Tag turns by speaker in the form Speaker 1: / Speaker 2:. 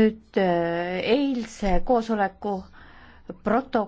Speaker 1: nüüd äh, eilse koosoleku protokoll.